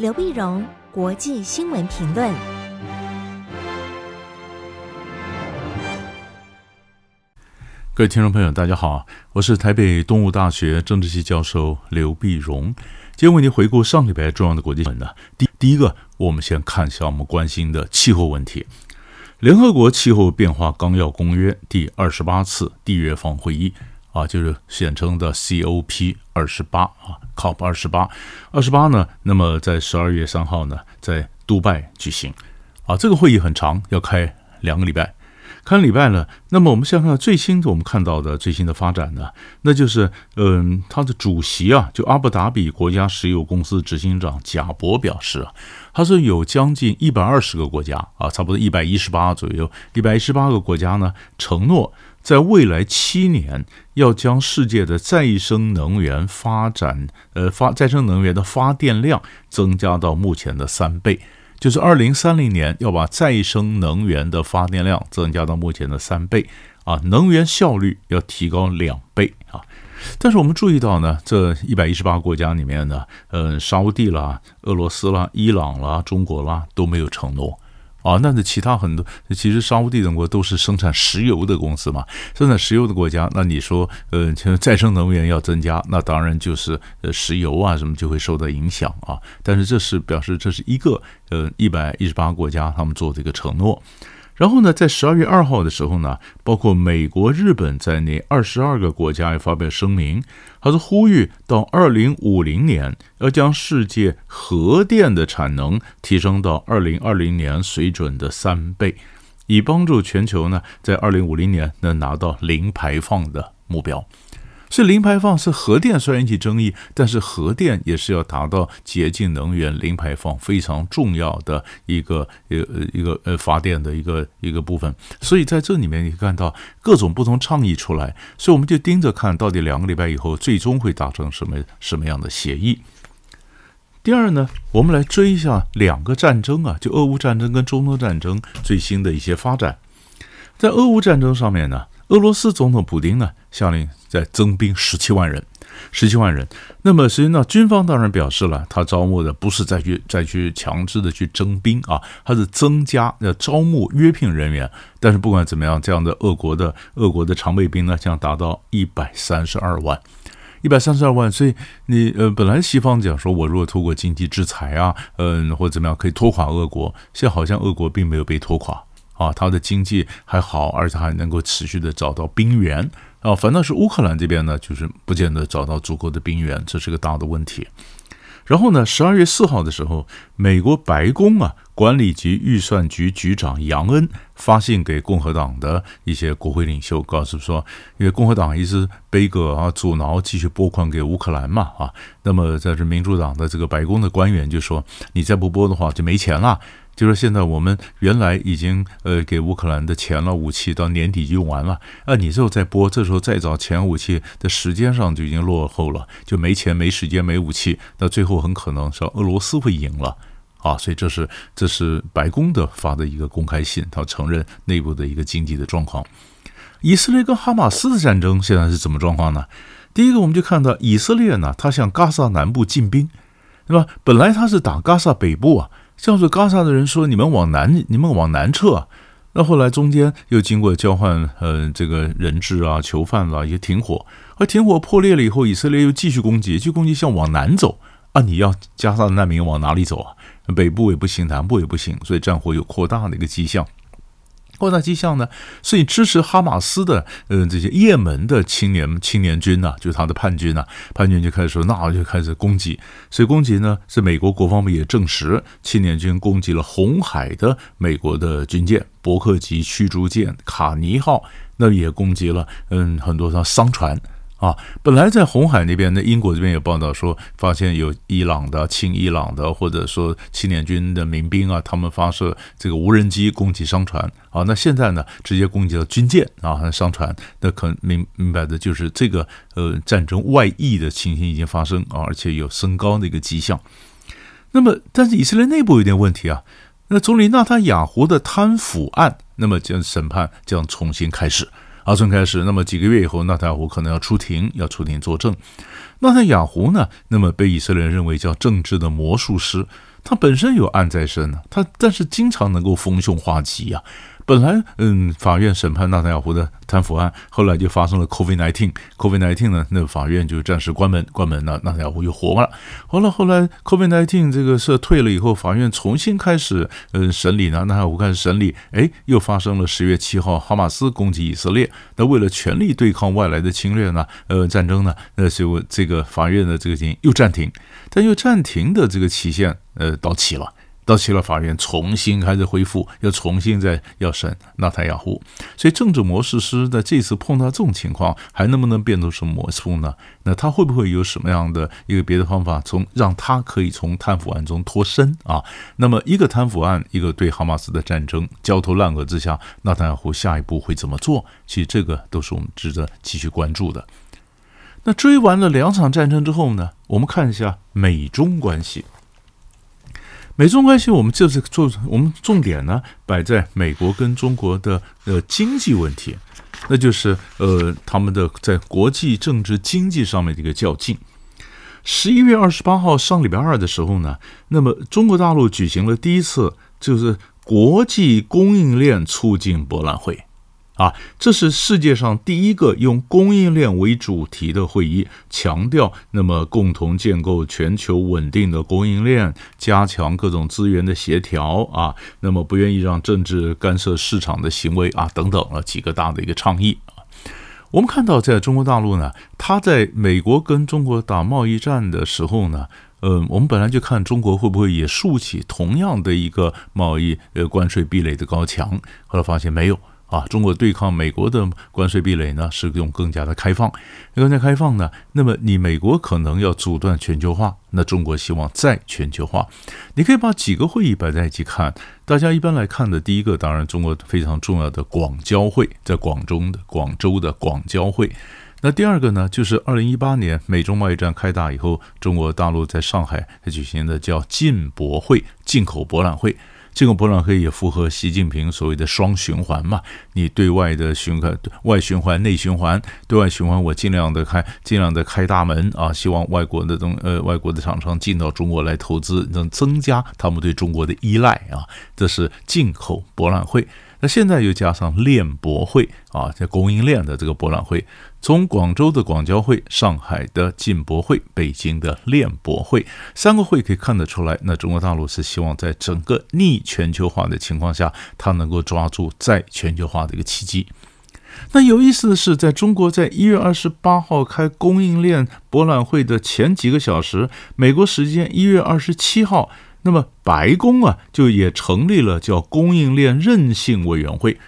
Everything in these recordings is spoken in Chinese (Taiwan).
劉必榮，國際新聞評論。各位聽眾朋友，大家好，我是台北東吳大學政治系教授劉必榮。今天為您回顧上禮拜重要的國際新聞。第第一個，我們先看一下我們關心的氣候問題。聯合國氣候變化綱要公約第二十八次締約方會議。啊，就是簡稱的 COP 二十八啊，COP 二十八，二十八呢，那麼在十二月三號呢，在杜拜舉行啊。這個會議很長，要開兩個禮拜，開禮拜呢，那麼我們先看最新的，我們看到的最新的發展呢，那就是嗯，他的主席啊，就阿布達比國家石油公司執行長賈伯表示啊，他說有將近一百二十個國家啊，差不多一百一十八左右，一百一十八個國家呢承諾。在未來七年，要將世界的再生能源發展，呃，發再生能源的發電量增加到目前的三倍，就是二零三零年要把再生能源的發電量增加到目前的三倍啊，能源效率要提高兩倍啊。但是我們注意到呢，這一百一十八個國家裡面呢，嗯、呃、沙烏地啦、俄羅斯啦、伊朗啦、中國啦都沒有承諾。啊、哦，那是其他很多，其實沙烏地等國都是生產石油的公司嘛，生產石油的國家，那你說，呃，其實再生能源要增加，那當然就是呃，石油啊什麼就會受到影響啊。但是這是表示這是一個呃一百一十八個國家他們做這個承諾。然後呢，在十二月二號的時候呢，包括美國、日本在內，二十二個國家也發表聲明，還是呼籲到二零五零年要將世界核電的產能提升到二零二零年水準的三倍，以幫助全球呢在二零五零年能拿到零排放的目標。是零排放，是核電，雖然引起爭議，但是核電也是要達到潔淨能源、零排放非常重要的一個一個、一個呃發電的一個一個部分。所以在這裡面，你可以看到各種不同倡議出來，所以我們就盯着看到底兩個禮拜以後最終會達成什麼什麼樣的協議。第二呢，我們來追一下兩個戰爭啊，就俄烏戰爭跟中東戰爭最新的一些發展。在俄烏戰爭上面呢。俄羅斯總統普丁呢，下令再增兵十七萬人，十七萬人。那麼實際上，軍方當然表示了，他招募的不是再去再去強制的去徵兵啊，他是增加要招募約聘人員。但是不管怎麼樣，這樣的俄國的俄國的常備兵呢，將達到一百三十二萬，一百三十二萬。所以你呃，本來西方講說，我如果通過經濟制裁啊，嗯、呃，或者怎麼樣，可以拖垮俄國，現在好像俄國並沒有被拖垮。啊，它的經濟還好，而且還能夠持續的找到兵源啊。反倒是烏克蘭這邊呢，就是不見得找到足夠的兵源，這是個大的問題。然後呢，十二月四號的時候，美國白宮啊管理及預算局局長楊恩發信給共和黨的一些國會領袖，告訴說，因為共和黨一直杯葛啊阻撓，繼續撥款給烏克蘭嘛啊。那麼在這民主黨的這個白宮的官員就說，你再不撥的話就沒錢了。就是現在，我們原來已經呃給烏克蘭的錢了，武器到年底用完了那、啊、你之後再撥，這時候再找錢武器的時間上就已經落後了，就沒錢、沒時間、沒武器，那最後很可能是俄羅斯會贏了啊，所以這是這是白宮的發的一個公開信，他承認內部的一個經濟的狀況。以色列跟哈馬斯的戰爭現在是怎麼狀況呢？第一個，我們就看到以色列呢，他向加薩南部進兵，對吧？本來他是打加薩北部啊。像是加薩的人說：“你們往南，你們往南撤啊。”那後來中間又經過交換，嗯，這個人質啊、囚犯啊也停火。而停火破裂了以後，以色列又繼續攻擊，繼續攻擊，向往南走啊！你要加沙的難民往哪裡走啊？北部也不行，南部也不行，所以戰火有擴大的一個跡象。擴大機象呢，所以支持哈馬斯的，嗯，這些也門的青年青年軍吶、啊，就是他的叛軍吶、啊，叛軍就開始說，那就開始攻擊。所以攻擊呢，是美國國防部也證實，青年軍攻擊了紅海的美國的軍艦，伯克級驅逐艦卡尼號，那也攻擊了，嗯，很多的商船。啊，本來在紅海那邊，那英國這邊有報道說，發現有伊朗的親伊朗的，或者說青年軍的民兵啊，他們發射這個無人機攻擊商船啊。那現在呢，直接攻擊了軍艦啊，商船。那可能明明白的就是這個呃戰爭外溢的情形已經發生啊，而且有升高的一個跡象。那麼，但是以色列內部有點問題啊。那總理納塔雅胡的貪腐案，那麼將審判將重新開始。阿春開始，那麼幾個月以後，納坦雅胡可能要出庭，要出庭作證。納坦雅胡呢？那麼被以色列人認為叫政治的魔術師，他本身有案在身呢，他但是經常能夠逢凶化吉呀、啊。本來，嗯，法院審判納坦雅胡的貪腐案，後來就發生了 COVID nineteen COVID nineteen 呢，那法院就暫時關門，關門了，納坦雅胡又活了，活了。後來 COVID nineteen 這個事退了以後，法院重新開始，嗯，審理呢，納坦雅胡開始審理，哎，又發生了十月七號哈馬斯攻擊以色列，那為了全力對抗外來的侵略呢，呃，戰爭呢，那、呃、就這個法院的這個事情又暫停，但又暫停的這個期限，呃，到期了。到西拉法院重新開始恢復，要重新再要審納塔亞胡，所以政治魔術師，在這次碰到這種情況，還能不能變出什麼魔術呢？那他會不會有什麼樣的一個別的方法從，從讓他可以從貪腐案中脫身啊？那麼一個貪腐案，一個對哈馬斯的戰爭，焦頭爛額之下，納塔亞胡下一步會怎麼做？其實這個都是我們值得繼續關注的。那追完了兩場戰爭之後呢，我們看一下美中關係。美中關係，我們就是做，我們重點呢，擺在美國跟中國的呃經濟問題，那就是呃他們的在國際政治經濟上面的一個較勁。十一月二十八號，上禮拜二的時候呢，那麼中國大陸舉行了第一次就是國際供應鏈促進博覽會。啊，這是世界上第一個用供應鏈為主題的會議，強調那麼共同建構全球穩定的供應鏈，加強各種資源的協調啊，那麼不願意讓政治干涉市場的行為啊等等啊幾個大的一個倡議啊。我們看到在中國大陸呢，它在美國跟中國打貿易戰的時候呢，嗯，呃，我們本來就看中國會不會也豎起同樣的一個貿易呃關稅壁壘的高牆，後來發現沒有。啊，中國對抗美國的關稅壁壘呢，是用更加的開放，更加開放呢。那麼你美國可能要阻斷全球化，那中國希望再全球化。你可以把幾個會議擺在一起看，大家一般來看的，第一個當然中國非常重要的廣交會，在廣州的廣州的廣交會。那第二個呢，就是2018年美中貿易戰開打以後，中國大陸在上海舉行的叫進博會，進口博覽會。進口博覽會也符合習近平所謂的雙循環嘛？你對外的循環、外循環、內循環、對外循環，我盡量的開，盡量的開大門啊！希望外國的東呃，外國的廠商進到中國來投資，能增加他們對中國的依賴啊！這是進口博覽會。那現在又加上鏈博會啊，在供應鏈的這個博覽會，從廣州的廣交會、上海的進博會、北京的鏈博會三個會可以看得出來，那中國大陸是希望在整個逆全球化的情況下，它能夠抓住再全球化的一個契機。那有意思的是，在中國在一月二十八號開供應鏈博覽會的前幾個小時，美國時間一月二十七號。那麼白宮啊，就也成立了叫供應鏈韌性委員會。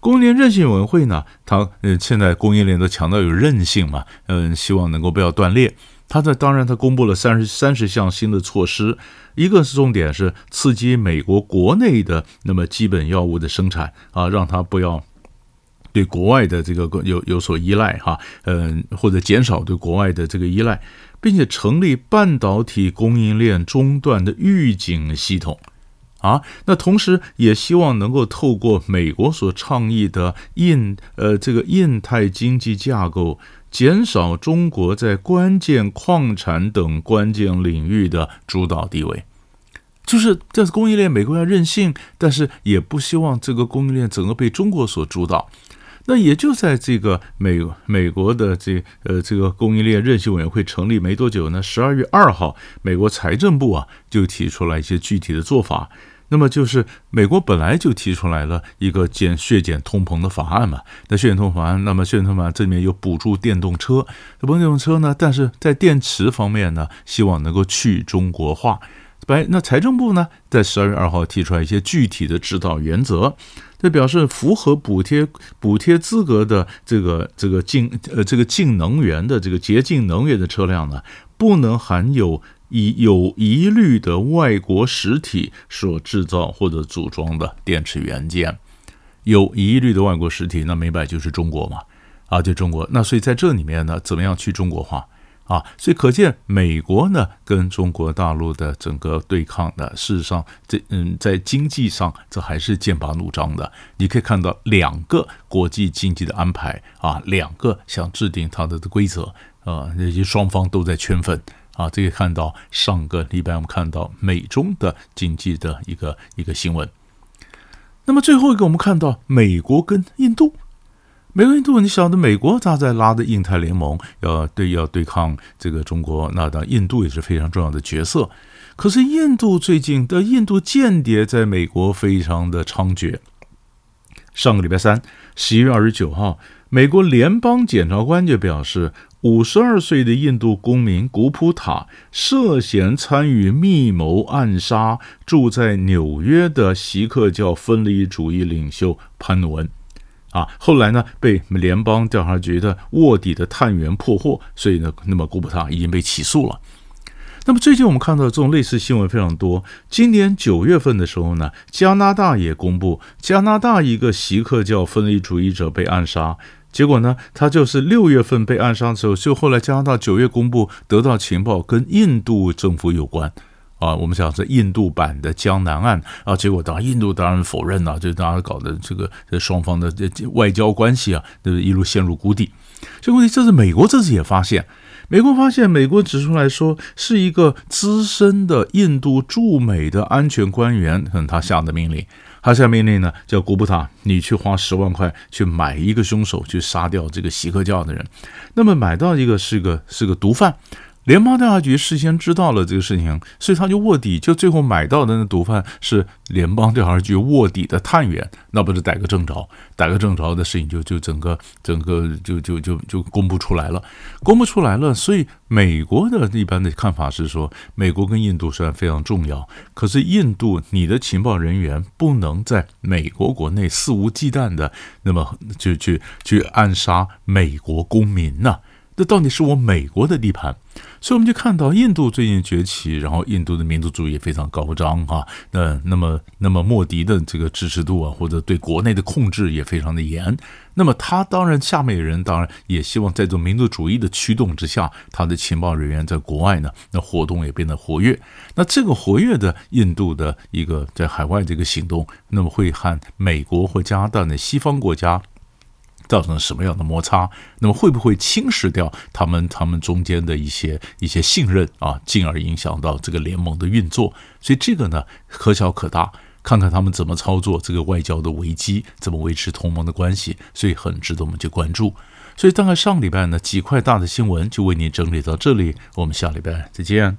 供應鏈韌性委員會呢，它，呃，現在供應鏈都強調有韌性嘛，嗯，希望能夠不要斷裂。它在，當然它公布了三十三十項新的措施，一個是重點是刺激美國國內的那麼基本藥物的生產啊，讓它不要。對國外的這個有有所依賴哈，嗯，或者減少對國外的這個依賴，並且成立半導體供應鏈中斷的預警系統啊。那同時也希望能夠透過美國所倡議的印呃這個印太經濟架構，減少中國在關鍵礦產等關鍵領域的主導地位。就是這次供應鏈，美國要任性，但是也不希望這個供應鏈整個被中國所主導。那也就在這個美美國的這呃這個供應鏈韌性委員會成立沒多久呢，十二月二號，美國財政部啊就提出來一些具體的做法。那麼就是美國本來就提出來了一個減削減通膨的法案嘛。那削減通膨法案，那麼削減通膨法案這裡面又補助電動車，那助電動車呢，但是在電池方面呢，希望能夠去中國化。白那財政部呢，在十二月二號提出來一些具體的指導原則，這表示符合補貼補貼資格的這個這個淨呃這個淨能源的這個潔淨能源的車輛呢，不能含有有有疑慮的外國實體所制造或者組裝的電池元件。有疑慮的外國實體，那明白就是中國嘛，啊，就中國，那所以在這裡面呢，怎麼樣去中國化？啊，所以可見美國呢，跟中國大陸的整個對抗的，事實上，這嗯，在經濟上這還是劍拔弩張的。你可以看到兩個國際經濟的安排啊，兩個想制定它的規則啊，以及雙方都在圈粉啊。這個看到上個禮拜我們看到美中的經濟的一個一個新聞。那麼最後一個，我們看到美國跟印度。美國印度，你曉得美國他在拉的印太聯盟要對要對抗這個中國，那當然印度也是非常重要的角色。可是印度最近的印度間諜在美國非常的猖獗。上個禮拜三，十一月二十九號，美國聯邦檢察官就表示，五十二歲的印度公民古普塔涉嫌參與密謀暗殺住在紐約的錫克教分離主義領袖潘努恩。啊，後來呢，被聯邦調查局的臥底的探員破獲，所以呢，那麼古普塔已經被起訴了。那麼最近我們看到這種類似新聞非常多。今年九月份的時候呢，加拿大也公布，加拿大一個錫克教分離主義者被暗殺，結果呢，他就是六月份被暗殺之後，就後來加拿大九月公布得到情報，跟印度政府有關。啊，我們講是印度版的江南案啊，結果當然，印度當然否認了，就當然搞的這個這雙方的外交關係啊，都、就是一路陷入谷底。這個問題，這次美國這次也發現，美國發現，美國指出來說，是一個資深的印度駐美的安全官員，嗯，他下的命令，他下命令呢，叫古普塔，你去花十萬塊去買一個凶手，去殺掉這個錫克教的人。那麼買到一個是個是個毒販。聯邦調查局事先知道了這個事情，所以他就臥底，就最後買到的那毒販是聯邦調查局臥底的探員，那不是逮個正着？逮個正着的事情就就整個整個就就就就，就公布出來了，公布出來了。所以美國的一般的看法是說，美國跟印度雖然非常重要，可是印度你的情報人員不能在美國國內肆無忌憚的那麼就去去暗殺美國公民吶、啊。這到底是我美國的地盤，所以我們就看到印度最近崛起，然後印度的民族主義也非常高漲哈，那那麼那麼莫迪的這個支持度啊，或者對國內的控制也非常的嚴。那麼他當然下面的人當然也希望在這種民族主義的驅動之下，他的情報人員在國外呢，那活動也變得活躍。那這個活躍的印度的一個在海外這個行動，那麼會和美國或加拿大的西方國家，造成了什麼樣的摩擦？那麼會不會侵蝕掉他們他們中間的一些一些信任啊？進而影響到這個聯盟的運作？所以這個呢，可小可大，看看他們怎麼操作這個外交的危機，怎麼維持同盟的關係？所以很值得我們去關注。所以大概上禮拜呢，幾塊大的新聞就為您整理到這裡，我們下禮拜再見。